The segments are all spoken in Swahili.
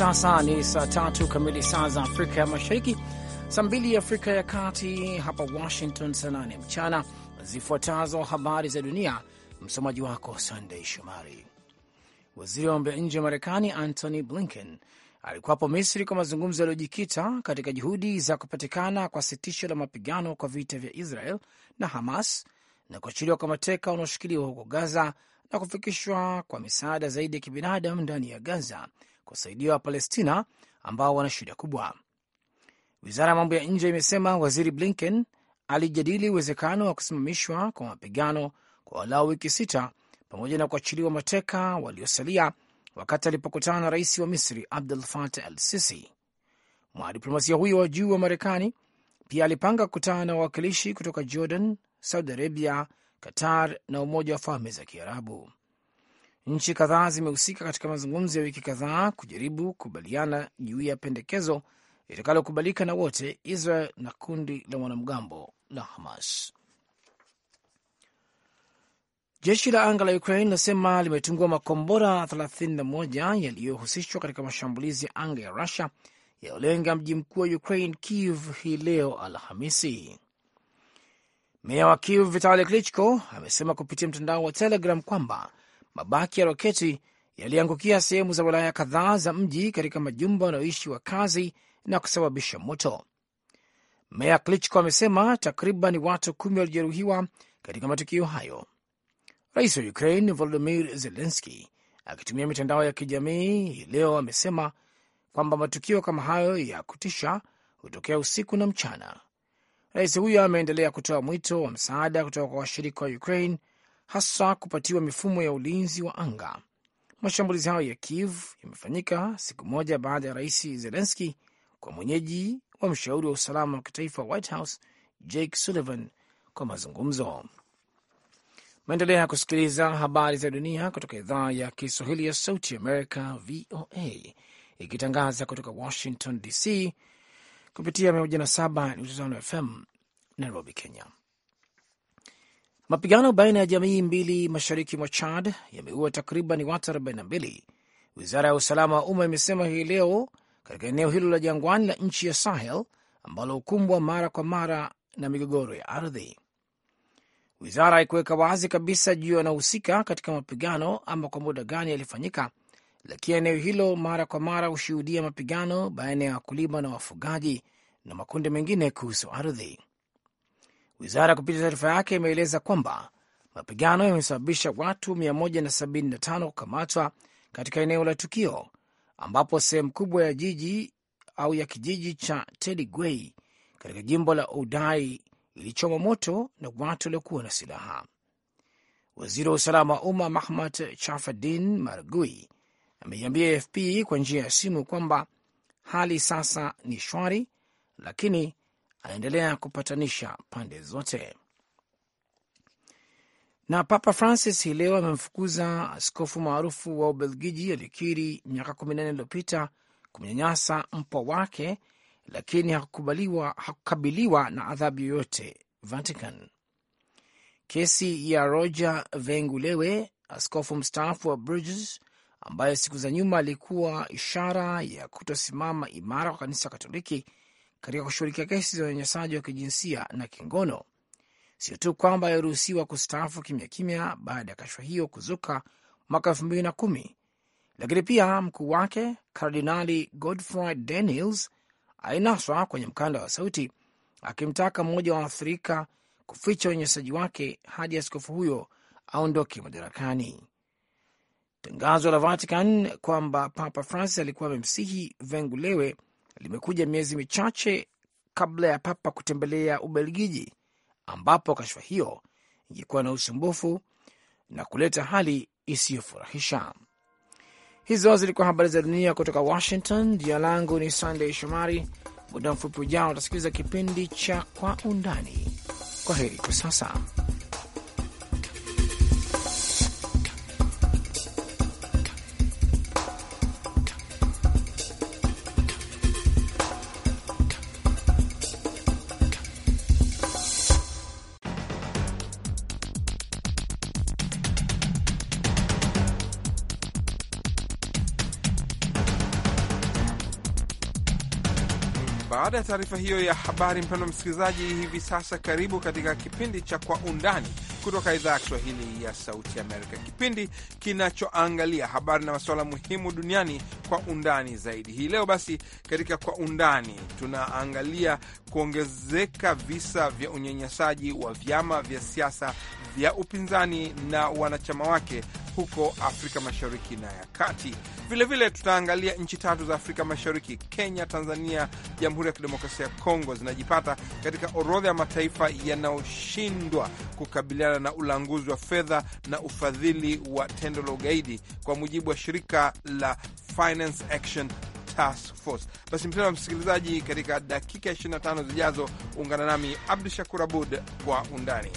sasa ni saa tatu kamili saa za Afrika ya Mashariki, saa mbili Afrika ya Kati, hapa Washington saa nane mchana. Zifuatazo habari za dunia, msomaji wako Sandei Shomari. Waziri wa mambo ya nje wa Marekani Antony Blinken alikuwapo Misri kwa mazungumzo yaliyojikita katika juhudi za kupatikana kwa sitisho la mapigano kwa vita vya Israel na Hamas na kuachiliwa kwa mateka wanaoshikiliwa huko Gaza na kufikishwa kwa misaada zaidi ya kibinadamu ndani ya Gaza kusaidia Wapalestina ambao wana shida kubwa. Wizara ya mambo ya nje imesema Waziri Blinken alijadili uwezekano wa kusimamishwa kwa mapigano kwa walau wiki sita pamoja na kuachiliwa mateka waliosalia wakati alipokutana na rais wa Misri Abdul Fatah al Sisi. Mwanadiplomasia huyo wa juu wa Marekani pia alipanga kukutana na wawakilishi kutoka Jordan, Saudi Arabia, Qatar na Umoja wa Falme za Kiarabu. Nchi kadhaa zimehusika katika mazungumzo ya wiki kadhaa kujaribu kukubaliana juu ya pendekezo litakalokubalika na wote, Israel na kundi la wanamgambo la Hamas. Jeshi la anga la Ukraine linasema limetungua makombora 31 yaliyohusishwa katika mashambulizi ya anga ya Rusia yaliyolenga mji mkuu wa Ukraine, Kiev, hii leo Alhamisi. Meya wa Kiev Vitali Klitschko amesema kupitia mtandao wa Telegram kwamba mabaki ya roketi yaliangukia sehemu za wilaya kadhaa za mji katika majumba wanaoishi wakazi na kusababisha moto. Meya Klitschko amesema takriban watu kumi walijeruhiwa katika matukio hayo. Rais wa Ukraine Volodimir Zelenski akitumia mitandao ya kijamii hii leo amesema kwamba matukio kama hayo ya kutisha hutokea usiku na mchana. Rais huyo ameendelea kutoa mwito wa msaada kutoka kwa washirika wa Ukraine hasa kupatiwa mifumo ya ulinzi wa anga. Mashambulizi hayo ya Kiev yamefanyika siku moja baada ya rais Zelenski kwa mwenyeji wa mshauri wa usalama wa kitaifa White House Jake Sullivan kwa mazungumzo. Maendelea kusikiliza habari za dunia kutoka idhaa ya Kiswahili ya Sauti Amerika, VOA, ikitangaza kutoka Washington DC kupitia 107.5 FM Nairobi, Kenya. Mapigano baina ya jamii mbili mashariki mwa Chad yameua takriban watu 42, wizara ya usalama wa umma imesema hii leo katika eneo hilo la jangwani la nchi ya Sahel ambalo hukumbwa mara kwa mara na migogoro ya ardhi. Wizara haikuweka wazi kabisa juu yanahusika katika mapigano ama kwa muda gani yalifanyika, lakini eneo hilo mara kwa mara hushuhudia mapigano baina ya wakulima na wafugaji na makundi mengine kuhusu ardhi. Wizara kupitia taarifa yake imeeleza kwamba mapigano yamesababisha watu 175 kukamatwa katika eneo la tukio, ambapo sehemu kubwa ya jiji au ya kijiji cha Tedigwei katika jimbo la udai ilichoma moto na watu waliokuwa na silaha. Waziri wa usalama wa umma Mahmad Chafadin Margui ameiambia AFP kwa njia ya simu kwamba hali sasa ni shwari, lakini anaendelea kupatanisha pande zote. Na Papa Francis hii leo amemfukuza askofu maarufu wa Ubelgiji aliyekiri miaka kumi na nne iliyopita kumnyanyasa mpwa wake, lakini hakukabiliwa na adhabu yoyote. Vatican. Kesi ya Roger Vengulewe, askofu mstaafu wa Bruges, ambaye siku za nyuma alikuwa ishara ya kutosimama imara kwa kanisa Katoliki katika kushughulikia kesi za unyanyasaji wa kijinsia na kingono. Sio tu kwamba aliruhusiwa kustaafu kimya kimya baada ya kashfa hiyo kuzuka mwaka elfu mbili na kumi, lakini pia mkuu wake Kardinali Godfrey Daniels alinaswa kwenye mkanda wa sauti akimtaka mmoja wa waathirika kuficha unyanyasaji wake hadi askofu huyo aondoke madarakani. Tangazo la Vatican kwamba Papa Francis alikuwa amemsihi vengulewe limekuja miezi michache kabla ya papa kutembelea Ubelgiji, ambapo kashfa hiyo ingekuwa na usumbufu na kuleta hali isiyofurahisha. Hizo zilikuwa habari za dunia kutoka Washington. Jina langu ni Sandey Shomari. Muda mfupi ujao utasikiliza kipindi cha Kwa Undani. Kwa heri kwa sasa. Baada ya taarifa hiyo ya habari, mpendwa msikilizaji, hivi sasa karibu katika kipindi cha Kwa Undani kutoka idhaa ya Kiswahili ya Sauti Amerika, kipindi kinachoangalia habari na masuala muhimu duniani kwa undani zaidi. Hii leo basi, katika Kwa Undani tunaangalia kuongezeka visa vya unyanyasaji wa vyama vya siasa ya upinzani na wanachama wake huko Afrika Mashariki na ya Kati. Vilevile tutaangalia nchi tatu za Afrika Mashariki, Kenya, Tanzania, Jamhuri ya Kidemokrasia ya Kongo zinajipata katika orodha ya mataifa yanayoshindwa kukabiliana na ulanguzi wa fedha na ufadhili wa tendo la ugaidi kwa mujibu wa shirika la Finance Action Task Force. Basi mpendo wa msikilizaji, katika dakika 25 zijazo ungana nami Abdu Shakur Abud kwa undani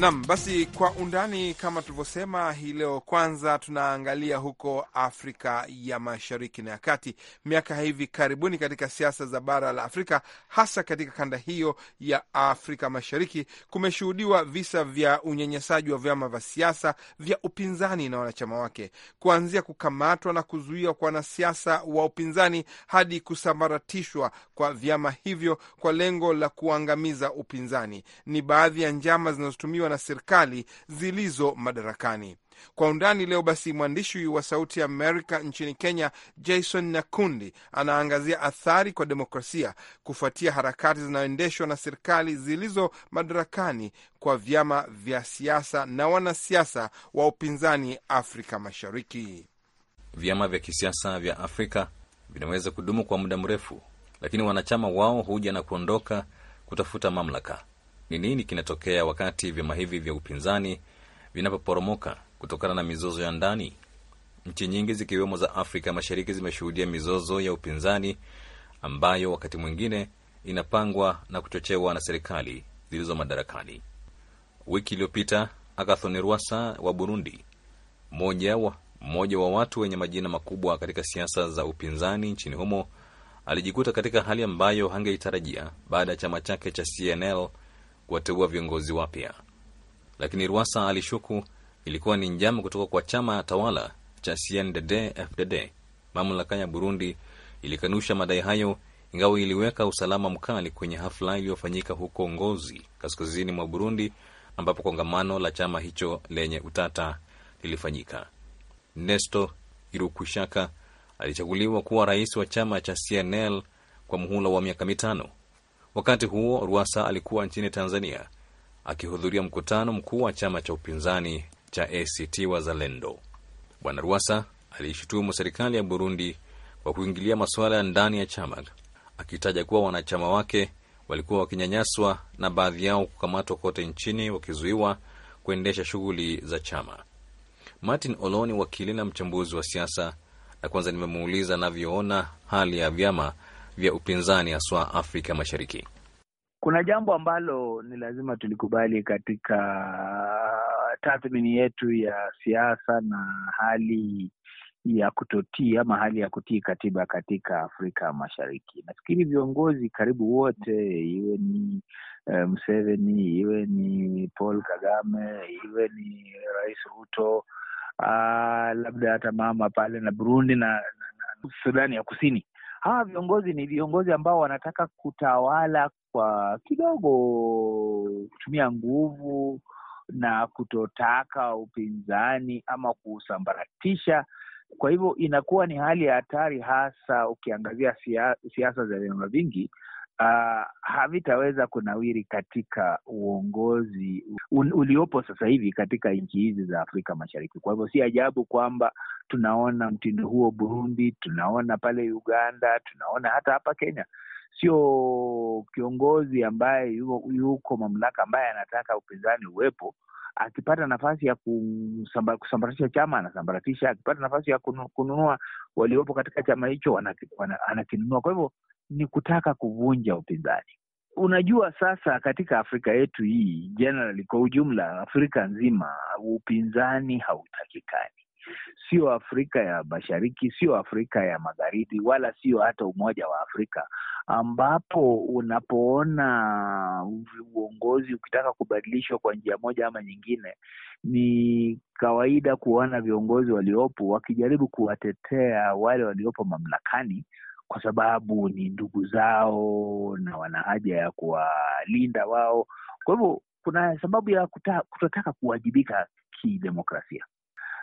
Nam basi, kwa undani kama tulivyosema, hii leo kwanza tunaangalia huko Afrika ya Mashariki na ya Kati, miaka hivi karibuni katika siasa za bara la Afrika, hasa katika kanda hiyo ya Afrika Mashariki, kumeshuhudiwa visa vya unyanyasaji wa vyama vya siasa vya upinzani na wanachama wake, kuanzia kukamatwa na kuzuiwa kwa wanasiasa wa upinzani hadi kusambaratishwa kwa vyama hivyo kwa lengo la kuangamiza upinzani. Ni baadhi ya njama zinazotumiwa na serikali zilizo madarakani. Kwa undani leo basi, mwandishi wa Sauti Amerika nchini Kenya, Jason Nyakundi, anaangazia athari kwa demokrasia kufuatia harakati zinayoendeshwa na serikali zilizo madarakani kwa vyama vya siasa na wanasiasa wa upinzani Afrika Mashariki. Vyama vya kisiasa vya Afrika vinaweza kudumu kwa muda mrefu, lakini wanachama wao huja na kuondoka kutafuta mamlaka ni nini kinatokea wakati vyama hivi vya upinzani vinapoporomoka kutokana na mizozo ya ndani. Nchi nyingi zikiwemo za Afrika Mashariki zimeshuhudia mizozo ya upinzani ambayo wakati mwingine inapangwa na kuchochewa na serikali zilizo madarakani. Wiki iliyopita Agathon Rwasa wa Burundi, mmoja wa, mmoja wa watu wenye majina makubwa katika siasa za upinzani nchini humo, alijikuta katika hali ambayo hangeitarajia baada ya chama chake cha CNL kuwateua viongozi wapya, lakini Rwasa alishuku ilikuwa ni njama kutoka kwa chama tawala cha CNDD-FDD. Mamlaka ya Burundi ilikanusha madai hayo, ingawa iliweka usalama mkali kwenye hafla iliyofanyika huko Ngozi, kaskazini mwa Burundi, ambapo kongamano la chama hicho lenye utata lilifanyika. Nesto Irukushaka alichaguliwa kuwa rais wa chama cha CNL kwa muhula wa miaka mitano. Wakati huo Rwasa alikuwa nchini Tanzania akihudhuria mkutano mkuu wa chama cha upinzani cha ACT Wazalendo. Bwana Rwasa aliishutumu serikali ya Burundi kwa kuingilia masuala ya ndani ya chama, akitaja kuwa wanachama wake walikuwa wakinyanyaswa na baadhi yao kukamatwa kote nchini wakizuiwa kuendesha shughuli za chama. Martin Oloni, wakili na mchambuzi wa siasa, na kwanza nimemuuliza anavyoona hali ya vyama vya upinzani haswa Afrika Mashariki. Kuna jambo ambalo ni lazima tulikubali katika tathmini yetu ya siasa na hali ya kutotii ama hali ya kutii katiba katika Afrika Mashariki. Nafikiri viongozi karibu wote, iwe ni eh, mseveni um, iwe ni Paul Kagame, iwe ni Rais Ruto, uh, labda hata mama pale na Burundi na, na, na Sudani ya Kusini hawa viongozi ni viongozi ambao wanataka kutawala kwa kidogo kutumia nguvu na kutotaka upinzani ama kusambaratisha Kwa hivyo inakuwa ni hali ya hatari, hasa ukiangazia siasa za vyama vingi uh, havitaweza kunawiri katika uongozi uliopo sasa hivi katika nchi hizi za Afrika Mashariki. Kwa hivyo si ajabu kwamba tunaona mtindo huo Burundi, tunaona pale Uganda, tunaona hata hapa Kenya. Sio kiongozi ambaye yuko, yuko mamlaka ambaye anataka upinzani uwepo akipata nafasi ya kusambaratisha chama anasambaratisha, akipata nafasi ya kununua waliopo katika chama hicho anakinunua. Kwa hivyo ni kutaka kuvunja upinzani. Unajua, sasa katika Afrika yetu hii generally, kwa ujumla Afrika nzima, upinzani hautakikani, sio Afrika ya Mashariki, sio Afrika ya Magharibi, wala sio hata Umoja wa Afrika, ambapo unapoona uongozi ukitaka kubadilishwa kwa njia moja ama nyingine, ni kawaida kuona viongozi waliopo wakijaribu kuwatetea wale waliopo mamlakani kwa sababu ni ndugu zao na wana haja ya kuwalinda wao. Kwa hivyo kuna sababu ya kuta, kutotaka kuwajibika kidemokrasia.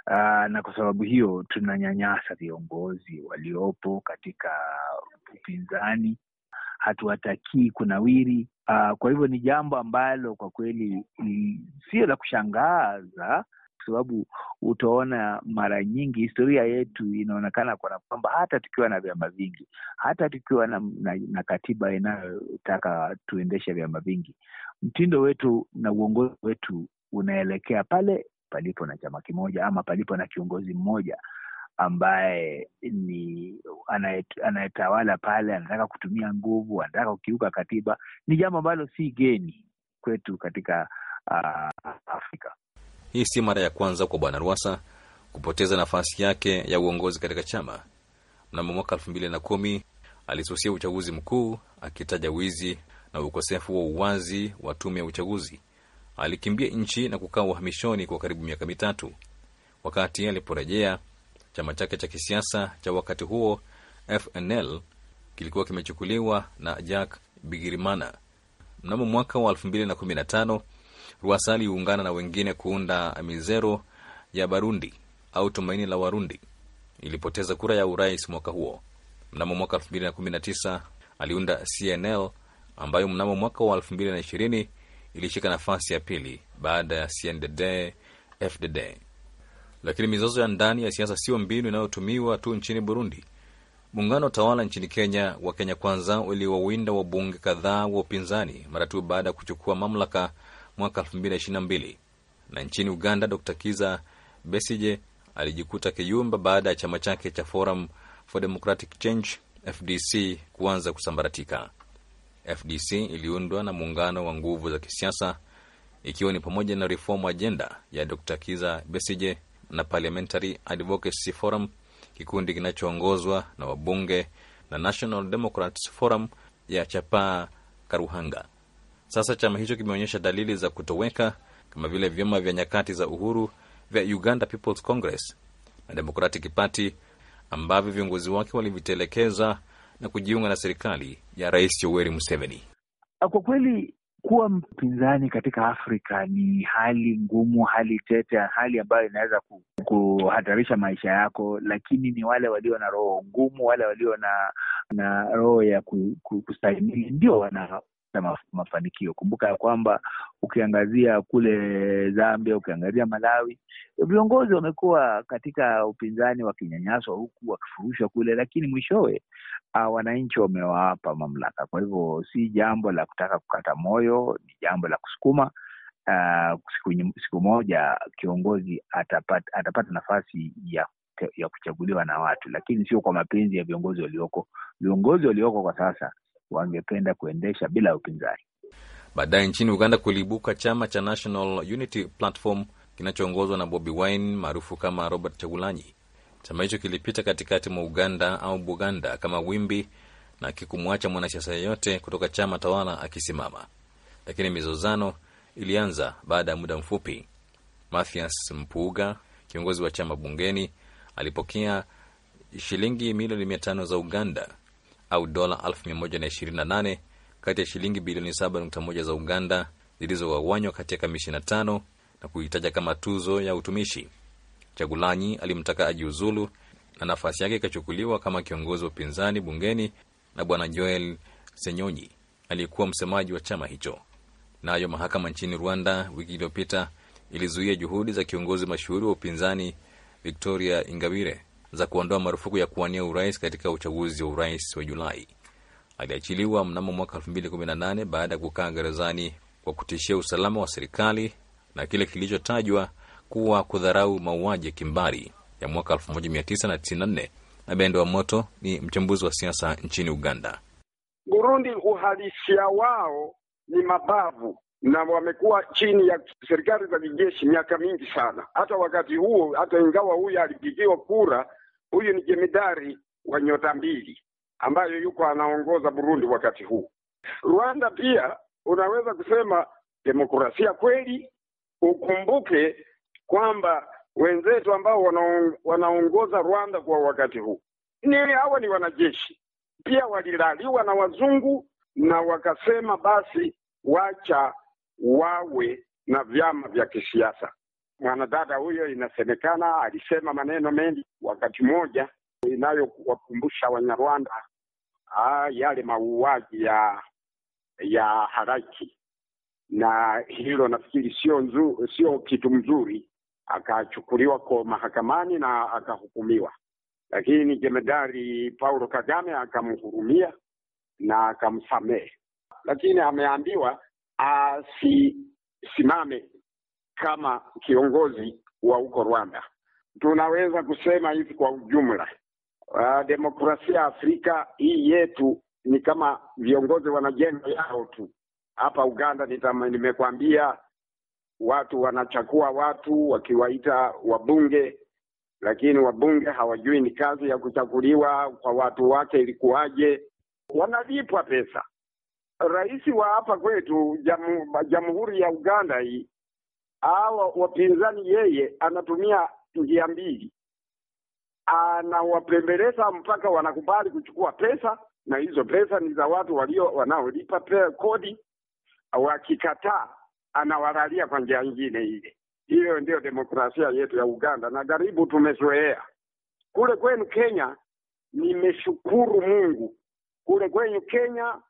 Uh, na kwa sababu hiyo tunanyanyasa viongozi waliopo katika upinzani, hatuwatakii kunawiri. Uh, kwa hivyo ni jambo ambalo kwa kweli mm, sio la kushangaza sababu utaona mara nyingi historia yetu inaonekana kana kwamba hata tukiwa na vyama vingi, hata tukiwa na, na, na katiba inayotaka tuendeshe vyama vingi, mtindo wetu na uongozi wetu unaelekea pale palipo na chama kimoja ama palipo na kiongozi mmoja ambaye ni anayetawala pale, anataka kutumia nguvu, anataka kukiuka katiba. Ni jambo ambalo si geni kwetu katika uh, hii si mara ya kwanza kwa bwana Rwasa kupoteza nafasi yake ya uongozi katika chama. Mnamo mwaka elfu mbili na kumi alisusia uchaguzi mkuu akitaja wizi na ukosefu wa uwazi wa tume ya uchaguzi. Alikimbia nchi na kukaa uhamishoni kwa karibu miaka mitatu. Wakati aliporejea, chama chake cha kisiasa cha wakati huo FNL kilikuwa kimechukuliwa na Jack Bigirimana. Mnamo mwaka wa elfu mbili na kumi na tano Rwasa aliungana na wengine kuunda Mizero ya Barundi au Tumaini la Warundi. Ilipoteza kura ya urais mwaka huo. Mnamo mwaka 2019 aliunda CNL ambayo mnamo mwaka wa 2020 ilishika nafasi ya pili baada ya CNDD FDD. Lakini mizozo ya ndani ya siasa sio mbinu inayotumiwa tu nchini Burundi. Muungano tawala nchini Kenya wa Kenya Kwanza uliwawinda wabunge kadhaa wa upinzani mara tu baada ya kuchukua mamlaka mwaka 2022. Na nchini Uganda, Dr Kiza Besije alijikuta kiyumba baada ya chama chake cha Forum for Democratic Change FDC kuanza kusambaratika. FDC iliundwa na muungano wa nguvu za kisiasa ikiwa ni pamoja na Reform Agenda ya Dr Kiza Besije na Parliamentary Advocacy Forum, kikundi kinachoongozwa na wabunge na National Democrats Forum ya Chapa Karuhanga. Sasa chama hicho kimeonyesha dalili za kutoweka kama vile vyama vya nyakati za uhuru vya Uganda People's Congress na Democratic Party ambavyo viongozi wake walivitelekeza na kujiunga na serikali ya Rais Yoweri Museveni. Kwa kweli kuwa mpinzani katika Afrika ni hali ngumu, hali tete, hali ambayo inaweza kuhatarisha maisha yako, lakini ni wale walio na roho ngumu, wale walio na na roho ya kustahimili ndio wana kupata mafanikio. Kumbuka ya kwamba ukiangazia kule Zambia, ukiangazia Malawi, viongozi wamekuwa katika upinzani wakinyanyaswa huku wakifurushwa kule, lakini mwishowe ah, wananchi wamewapa mamlaka. Kwa hivyo si jambo la kutaka kukata moyo, ni jambo la kusukuma. Uh, siku, siku moja kiongozi atapata, atapata nafasi ya ya kuchaguliwa na watu, lakini sio kwa mapenzi ya viongozi walioko. Viongozi walioko kwa sasa wangependa kuendesha bila upinzani. Baadaye nchini Uganda kuliibuka chama cha National Unity Platform kinachoongozwa na Bobi Wine maarufu kama Robert Chagulanyi. Chama hicho kilipita katikati mwa Uganda au Buganda kama wimbi na kikumwacha mwanasiasa yeyote kutoka chama tawala akisimama, lakini mizozano ilianza baada ya muda mfupi. Mathias Mpuuga, kiongozi wa chama bungeni, alipokea shilingi milioni mia tano za Uganda au dola 1128 kati ya shilingi bilioni 7.1 za Uganda zilizogawanywa kati ya kamishi na tano na kuitaja kama tuzo ya utumishi. Chagulanyi alimtaka ajiuzulu na nafasi yake ikachukuliwa kama kiongozi wa upinzani bungeni na Bwana Joel Senyonyi aliyekuwa msemaji wa chama hicho. Nayo na mahakama nchini Rwanda wiki iliyopita ilizuia juhudi za kiongozi mashuhuri wa upinzani Victoria Ingabire za kuondoa marufuku ya kuwania urais katika uchaguzi wa urais wa Julai. Aliachiliwa mnamo mwaka 2018 baada ya kukaa gerezani kwa kutishia usalama wa serikali na kile kilichotajwa kuwa kudharau mauaji ya kimbari ya mwaka 1994. Abendo wa Moto ni mchambuzi wa siasa nchini Uganda. Burundi, uhalisia wao ni mabavu na wamekuwa chini ya serikali za kijeshi miaka mingi sana. Hata wakati huo, hata ingawa huyu alipigiwa kura, huyu ni jemedari wa nyota mbili ambayo yuko anaongoza Burundi wakati huu. Rwanda pia unaweza kusema demokrasia kweli. Ukumbuke kwamba wenzetu ambao wanaongoza Rwanda kwa wakati huu ni hawa ni wanajeshi, pia walilaliwa na wazungu na wakasema basi, wacha wawe na vyama vya kisiasa. Mwanadada huyo inasemekana alisema maneno mengi wakati mmoja inayowakumbusha Wanyarwanda yale mauaji ya ya haraki, na hilo nafikiri sio nzuri, sio kitu mzuri. Akachukuliwa kwa mahakamani na akahukumiwa, lakini jemedari Paulo Kagame akamhurumia na akamsamehe, lakini ameambiwa asisimame kama kiongozi wa huko Rwanda. Tunaweza kusema hivi kwa ujumla, uh, demokrasia Afrika hii yetu ni kama viongozi wanajenga yao tu. Hapa Uganda nimekwambia watu wanachakua watu wakiwaita wabunge, lakini wabunge hawajui ni kazi ya kuchaguliwa kwa watu wake ilikuwaje. Wanalipwa pesa rais wa hapa kwetu jamhuri ya Uganda hii, hawa wapinzani, yeye anatumia njia mbili, anawapembeleza mpaka wanakubali kuchukua pesa, na hizo pesa ni za watu walio wanaolipa kodi. Wakikataa anawalalia kwa njia nyingine ile. Hiyo ndiyo demokrasia yetu ya Uganda na karibu tumezoea. Kule kwenu Kenya, nimeshukuru Mungu, kule kwenu Kenya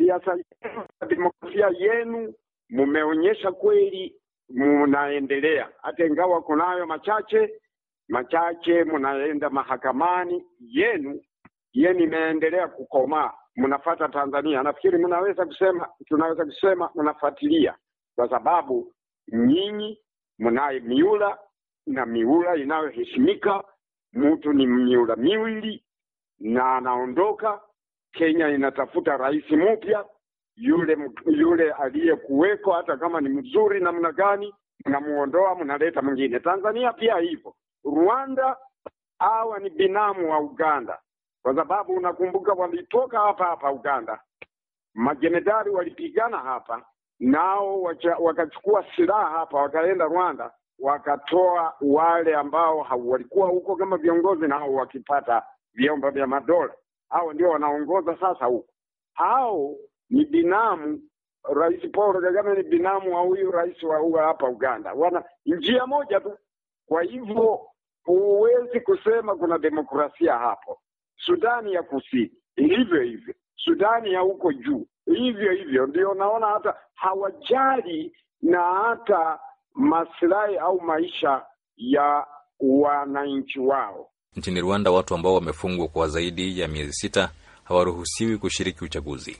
siasa yenu na demokrasia yenu mumeonyesha kweli munaendelea, hata ingawa kunayo machache machache, munaenda mahakamani yenu yenu imeendelea kukomaa, mnafata Tanzania. Nafikiri mnaweza kusema, tunaweza kusema mnafuatilia, kwa sababu nyinyi mnaye miula na miula inayoheshimika. Mtu ni miula miwili na anaondoka Kenya inatafuta rais mpya, yule yule aliyekuweko, hata kama ni mzuri namna gani, mnamuondoa mnaleta mwingine. Tanzania pia hivyo. Rwanda hawa ni binamu wa Uganda, kwa sababu unakumbuka walitoka hapa hapa Uganda, majenerali walipigana hapa nao wacha, wakachukua silaha hapa wakaenda Rwanda wakatoa wale ambao walikuwa huko kama viongozi, nao wakipata vyombo vya madola hao ndio wanaongoza sasa huko. Hao ni binamu, Rais Paul Kagame ni binamu wa huyu rais wa huwa hapa Uganda, wana njia moja tu. Kwa hivyo huwezi kusema kuna demokrasia hapo. Sudani ya Kusini hivyo hivyo, Sudani ya huko juu hivyo hivyo, ndio naona hata hawajali na hata maslahi au maisha ya wananchi wao. Nchini Rwanda, watu ambao wamefungwa kwa zaidi ya miezi sita hawaruhusiwi kushiriki uchaguzi.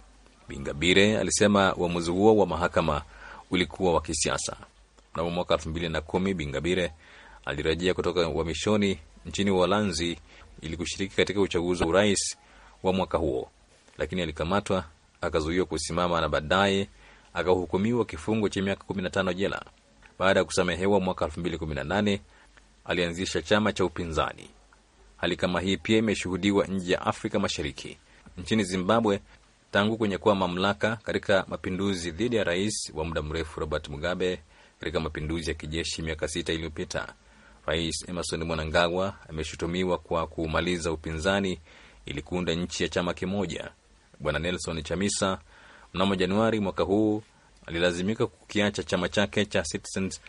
Bingabire alisema uamuzi huo wa mahakama ulikuwa wa kisiasa. Mnamo mwaka elfu mbili na kumi Bingabire alirejea kutoka uhamishoni nchini Uholanzi ili kushiriki katika uchaguzi wa urais wa mwaka huo, lakini alikamatwa akazuiwa kusimama na baadaye akahukumiwa kifungo cha miaka 15 jela. Baada ya kusamehewa mwaka 2018 alianzisha chama cha upinzani Hali kama hii pia imeshuhudiwa nje ya Afrika Mashariki. Nchini Zimbabwe, tangu kunyakua mamlaka katika mapinduzi dhidi ya rais wa muda mrefu Robert Mugabe katika mapinduzi ya kijeshi miaka sita iliyopita, Rais Emerson Mnangagwa ameshutumiwa kwa kuumaliza upinzani ili kuunda nchi ya chama kimoja. Bwana Nelson Chamisa mnamo Januari mwaka huu alilazimika kukiacha chama chake cha Citizens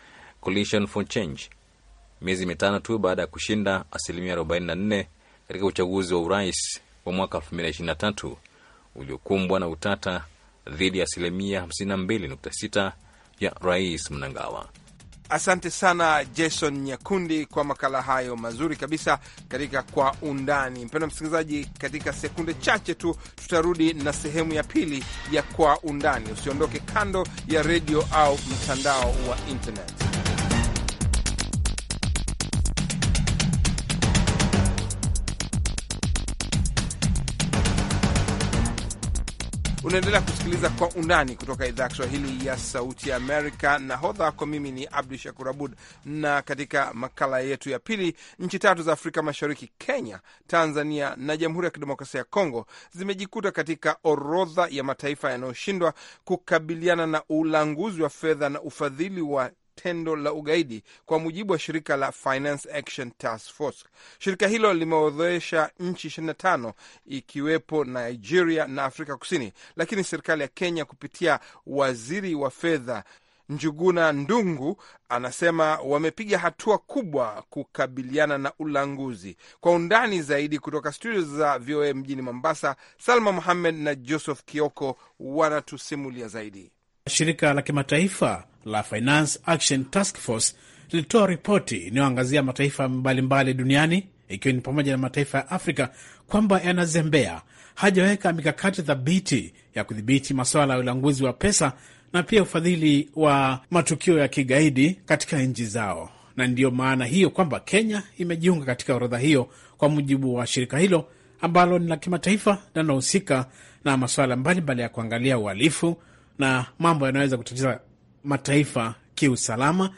Coalition for Change miezi mitano tu baada ya kushinda asilimia 44 katika uchaguzi wa urais wa mwaka 2023 uliokumbwa na utata dhidi ya asilimia 52.6 ya Rais Mnangawa. Asante sana Jason Nyakundi kwa makala hayo mazuri kabisa katika Kwa Undani. Mpendwa msikilizaji, katika sekunde chache tu tutarudi na sehemu ya pili ya Kwa Undani. Usiondoke kando ya redio au mtandao wa internet. Unaendelea kusikiliza Kwa Undani kutoka idhaa ya Kiswahili ya Sauti ya Amerika. Nahodha wako mimi ni Abdu Shakur Abud, na katika makala yetu ya pili, nchi tatu za Afrika Mashariki, Kenya, Tanzania na Jamhuri ya Kidemokrasia ya Kongo zimejikuta katika orodha ya mataifa yanayoshindwa kukabiliana na ulanguzi wa fedha na ufadhili wa tendo la ugaidi, kwa mujibu wa shirika la Finance Action Task Force. Shirika hilo limeodhoesha nchi 25 ikiwepo Nigeria na Afrika Kusini, lakini serikali ya Kenya kupitia waziri wa fedha Njuguna Ndungu anasema wamepiga hatua kubwa kukabiliana na ulanguzi. Kwa undani zaidi kutoka studio za VOA mjini Mombasa, Salma Muhammed na Joseph Kioko wanatusimulia zaidi. Shirika la kimataifa la Finance Action Task Force lilitoa ripoti inayoangazia mataifa mbalimbali mbali duniani ikiwa ni pamoja na mataifa ya Afrika kwamba yanazembea, hajaweka mikakati thabiti ya kudhibiti masuala ya ulanguzi wa pesa na pia ufadhili wa matukio ya kigaidi katika nchi zao, na ndiyo maana hiyo kwamba Kenya imejiunga katika orodha hiyo, kwa mujibu wa shirika hilo ambalo ni la kimataifa linalohusika na masuala mbalimbali ya kuangalia uhalifu na mambo yanaweza kutatiza mataifa kiusalama.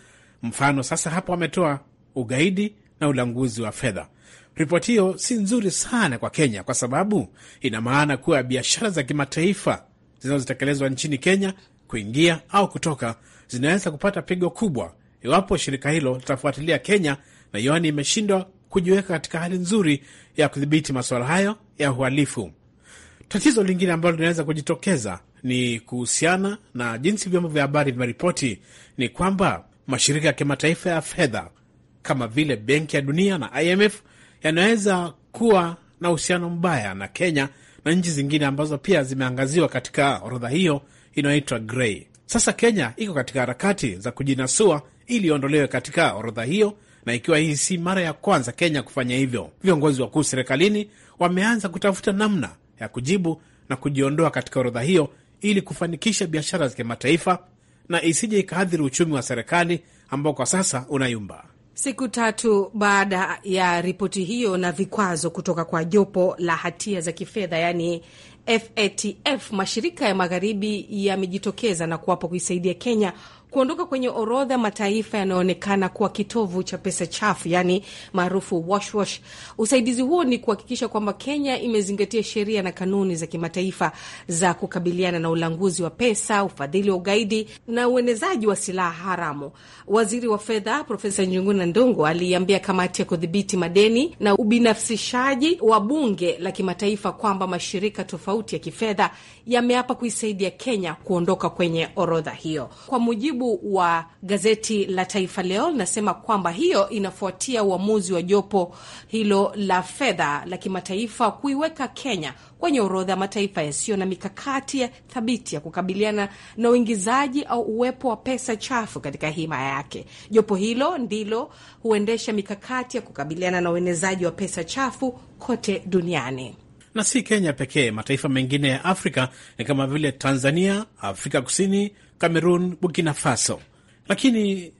Mfano sasa hapo wametoa ugaidi na ulanguzi wa fedha. Ripoti hiyo si nzuri sana kwa Kenya kwa sababu ina maana kuwa biashara za kimataifa zinazotekelezwa nchini Kenya kuingia au kutoka zinaweza kupata pigo kubwa iwapo shirika hilo litafuatilia Kenya na yoani imeshindwa kujiweka katika hali nzuri ya kudhibiti masuala hayo ya uhalifu. Tatizo lingine ambalo linaweza kujitokeza ni kuhusiana na jinsi vyombo vya habari vimeripoti, ni kwamba mashirika ya kimataifa ya fedha kama vile Benki ya Dunia na IMF yanaweza kuwa na uhusiano mbaya na Kenya na nchi zingine ambazo pia zimeangaziwa katika orodha hiyo inayoitwa grey. Sasa Kenya iko katika harakati za kujinasua ili iondolewe katika orodha hiyo, na ikiwa hii si mara ya kwanza Kenya kufanya hivyo, viongozi wakuu serikalini wameanza kutafuta namna ya kujibu na kujiondoa katika orodha hiyo ili kufanikisha biashara za kimataifa na isije ikaathiri uchumi wa serikali ambao kwa sasa unayumba. Siku tatu baada ya ripoti hiyo na vikwazo kutoka kwa jopo la hatia za kifedha yaani FATF, mashirika ya magharibi yamejitokeza na kuwapo kuisaidia Kenya kuondoka kwenye orodha mataifa yanayoonekana kuwa kitovu cha pesa chafu, yani maarufu washwash. Usaidizi huo ni kuhakikisha kwamba Kenya imezingatia sheria na kanuni za kimataifa za kukabiliana na ulanguzi wa pesa, ufadhili wa ugaidi na uenezaji wa silaha haramu. Waziri wa fedha Profesa Njuguna Ndung'u aliambia kamati ya kudhibiti madeni na ubinafsishaji wa bunge la kimataifa kwamba mashirika tofauti ya kifedha yameapa kuisaidia Kenya kuondoka kwenye orodha hiyo kwa mujibu mujibu wa gazeti la Taifa Leo linasema kwamba hiyo inafuatia uamuzi wa jopo hilo la fedha la kimataifa kuiweka Kenya kwenye orodha ya mataifa yasiyo na mikakati ya thabiti ya kukabiliana na uingizaji au uwepo wa pesa chafu katika hima yake. Jopo hilo ndilo huendesha mikakati ya kukabiliana na uenezaji wa pesa chafu kote duniani na si Kenya pekee. Mataifa mengine ya Afrika ni kama vile Tanzania, Afrika Kusini, Kamerun, Burkina Faso. Lakini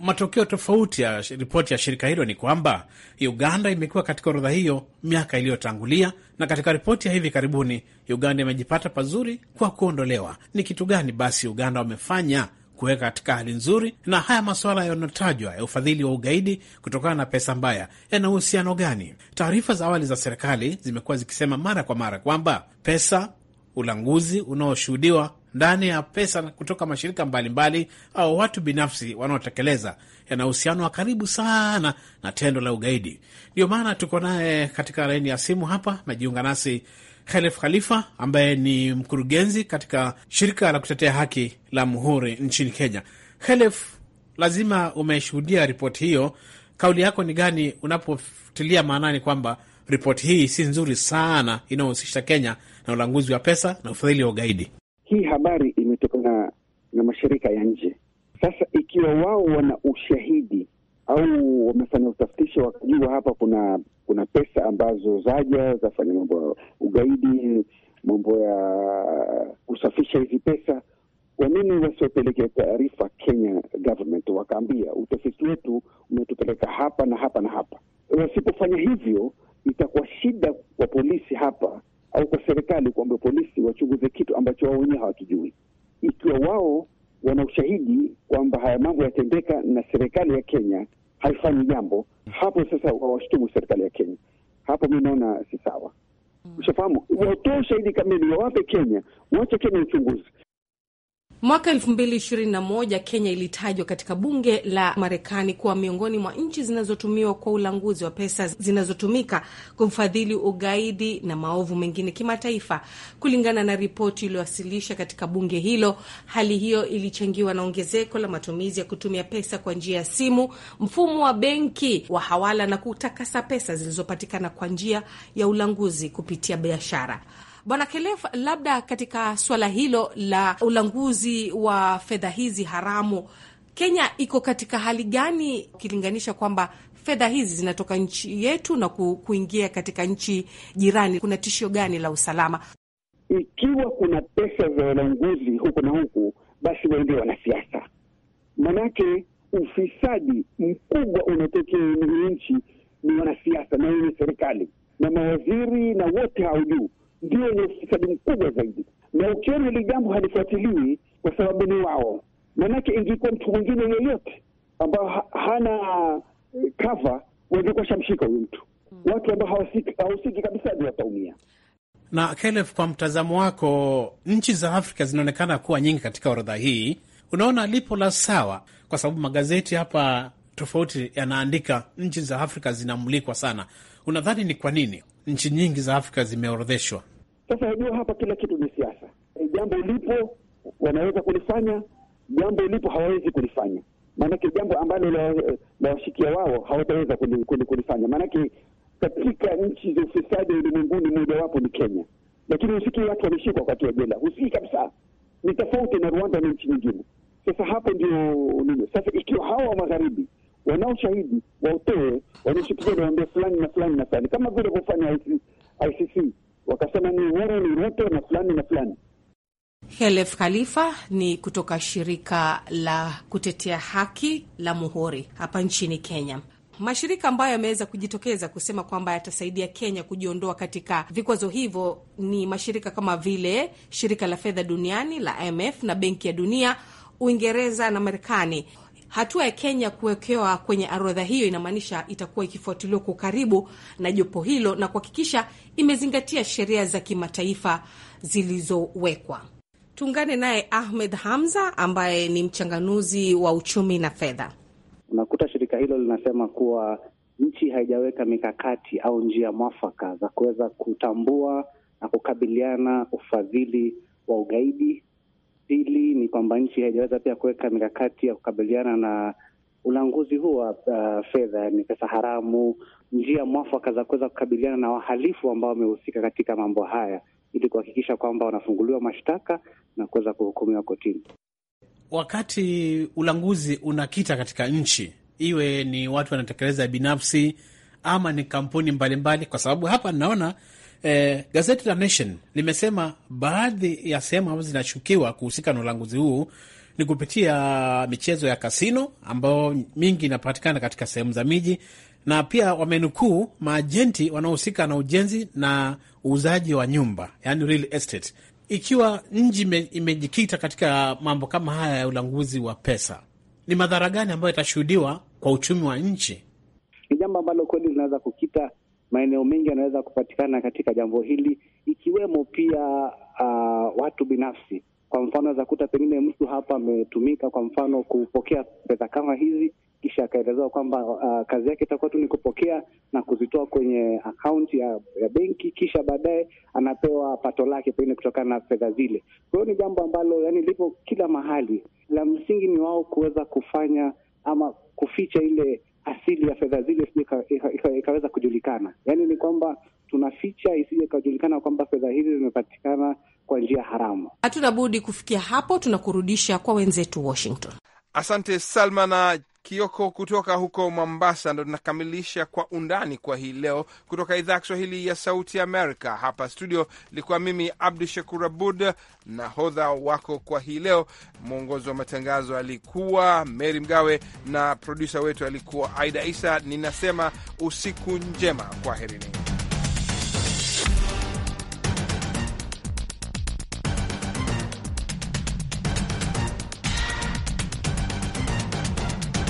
matokeo tofauti ya ripoti ya shirika hilo ni kwamba Uganda imekuwa katika orodha hiyo miaka iliyotangulia, na katika ripoti ya hivi karibuni Uganda imejipata pazuri kwa kuondolewa. Ni kitu gani basi Uganda wamefanya kuweka katika hali nzuri. Na haya masuala yanayotajwa ya ufadhili wa ugaidi kutokana na pesa mbaya yana uhusiano gani? Taarifa za awali za serikali zimekuwa zikisema mara kwa mara kwamba pesa ulanguzi unaoshuhudiwa ndani ya pesa kutoka mashirika mbalimbali mbali, au watu binafsi wanaotekeleza yana uhusiano wa karibu sana na tendo la ugaidi. Ndio maana tuko naye katika laini ya simu hapa, amejiunga nasi Khalif Khalifa ambaye ni mkurugenzi katika shirika la kutetea haki la Muhuri nchini Kenya. Khalif, lazima umeshuhudia ripoti hiyo, kauli yako ni gani unapotilia maanani kwamba ripoti hii si nzuri sana, inayohusisha Kenya na ulanguzi wa pesa na ufadhili wa ugaidi? Hii habari imetokana na mashirika ya nje. Sasa ikiwa wao wana ushahidi au wamefanya utafutishi wakajua hapa kuna kuna pesa ambazo zaja zafanya mambo ya ugaidi, mambo ya kusafisha hizi pesa. Kwa nini wasiopeleke taarifa Kenya government wakaambia utafiti wetu umetupeleka hapa na hapa na hapa? Wasipofanya hivyo, itakuwa shida kwa polisi hapa au kwa serikali kuambia polisi wachunguze kitu ambacho wao wenyewe hawakijui. Ikiwa wao wana ushahidi kwamba haya mambo yatendeka na serikali ya Kenya haifanyi jambo hapo, sasa wawashtumu serikali ya Kenya. Hapo mi naona si sawa. Mm. Ushafahamu, watoe ushahidi kamili, wawape Kenya, wache Kenya uchunguzi. Mwaka 2021 Kenya ilitajwa katika bunge la Marekani kuwa miongoni mwa nchi zinazotumiwa kwa ulanguzi wa pesa zinazotumika kumfadhili ugaidi na maovu mengine kimataifa. Kulingana na ripoti iliyowasilisha katika bunge hilo, hali hiyo ilichangiwa na ongezeko la matumizi ya kutumia pesa kwa njia ya simu, mfumo wa benki wa hawala na kutakasa pesa zilizopatikana kwa njia ya ulanguzi kupitia biashara. Bwana kelef labda katika suala hilo la ulanguzi wa fedha hizi haramu, Kenya iko katika hali gani ukilinganisha kwamba fedha hizi zinatoka nchi yetu na kuingia katika nchi jirani? Kuna tishio gani la usalama ikiwa kuna pesa za ulanguzi huku na huku? Basi waende wanasiasa, manake ufisadi mkubwa unaotokea hii nchi ni wanasiasa na hii serikali na mawaziri na wote hao juu ndio ni ufisadi mkubwa zaidi, na ukiona hili jambo halifuatiliwi kwa sababu ni wao, maanake ingekuwa mtu mwingine yeyote ambao hana kava eh, wangekuwa shamshika huyu mtu. Watu ambao hawahusiki kabisa ndio wataumia. Na Kelef, kwa mtazamo wako, nchi za Afrika zinaonekana kuwa nyingi katika orodha hii. Unaona lipo la sawa? Kwa sababu magazeti hapa tofauti yanaandika nchi za Afrika zinamulikwa sana. Unadhani ni kwa nini nchi nyingi za Afrika zimeorodheshwa? Sasa wajua, hapa kila kitu ni siasa. Eh, jambo lipo wanaweza kulifanya, jambo lipo hawawezi kulifanya, maanake jambo ambalo lawashikia wao hawataweza kulifanya, maanake katika nchi za ufisadi ulimwenguni mojawapo ni Kenya, lakini husikii watu wameshikwa wakati wa jela, husikii kabisa. Ni tofauti na Rwanda na nchi nyingine. Sasa hapo ndio nini? Sasa ikiwa hawa wa magharibi wanaoshahidi wautoe, wanaoshikilia waambie fulani na fulani na fulani, kama vile kufanya ICC wakasema ni Uhuru ni Ruto na fulani na fulani. Helef Khalifa ni kutoka shirika la kutetea haki la Muhuri hapa nchini Kenya. Mashirika ambayo yameweza kujitokeza kusema kwamba yatasaidia Kenya kujiondoa katika vikwazo hivyo ni mashirika kama vile shirika la fedha duniani la IMF na Benki ya Dunia, Uingereza na Marekani. Hatua ya Kenya kuwekewa kwenye orodha hiyo inamaanisha itakuwa ikifuatiliwa kwa karibu na jopo hilo na kuhakikisha imezingatia sheria za kimataifa zilizowekwa. Tuungane naye Ahmed Hamza ambaye ni mchanganuzi wa uchumi na fedha. Unakuta shirika hilo linasema kuwa nchi haijaweka mikakati au njia mwafaka za kuweza kutambua na kukabiliana ufadhili wa ugaidi Pili ni kwamba nchi haijaweza pia kuweka mikakati ya kukabiliana na ulanguzi huu wa uh, fedha, yaani pesa haramu, njia mwafaka za kuweza kukabiliana na wahalifu ambao wamehusika katika mambo haya ili kuhakikisha kwamba wanafunguliwa mashtaka na kuweza kuhukumiwa kotini. Wakati ulanguzi unakita katika nchi, iwe ni watu wanatekeleza binafsi ama ni kampuni mbalimbali mbali, kwa sababu hapa naona Eh, gazeti la Nation limesema baadhi ya sehemu ambazo zinashukiwa kuhusika na ulanguzi huu ni kupitia michezo ya kasino ambayo mingi inapatikana katika sehemu za miji, na pia wamenukuu maajenti wanaohusika na ujenzi na uuzaji wa nyumba, yani real estate. Ikiwa nchi imejikita katika mambo kama haya ya ulanguzi wa pesa, ni madhara gani ambayo yatashuhudiwa kwa uchumi wa nchi? Ni jambo ambalo kweli linaweza kukita maeneo mengi yanaweza kupatikana katika jambo hili, ikiwemo pia uh, watu binafsi. Kwa mfano, aweza kuta pengine mtu hapa ametumika kwa mfano kupokea fedha kama hizi, kisha akaelezewa kwamba uh, kazi yake itakuwa tu ni kupokea na kuzitoa kwenye akaunti ya, ya benki, kisha baadaye anapewa pato lake pengine kutokana na fedha zile. Kwa hiyo ni jambo ambalo yani lipo kila mahali. La msingi ni wao kuweza kufanya ama kuficha ile asili ya fedha zile ikaweza kujulikana. Yaani ni kwamba tunaficha isije ikajulikana kwamba fedha hizi zimepatikana kwa njia haramu. Hatuna budi kufikia hapo, tunakurudisha kwa wenzetu Washington. Asante Salma na Kioko kutoka huko Mombasa. Ndo tunakamilisha Kwa Undani kwa hii leo kutoka idhaa ya Kiswahili ya Sauti Amerika. Hapa studio ilikuwa mimi Abdu Shakur Abud, nahodha wako kwa hii leo. Mwongozi wa matangazo alikuwa Meri Mgawe na produsa wetu alikuwa Aida Isa. Ninasema usiku njema, kwaherini.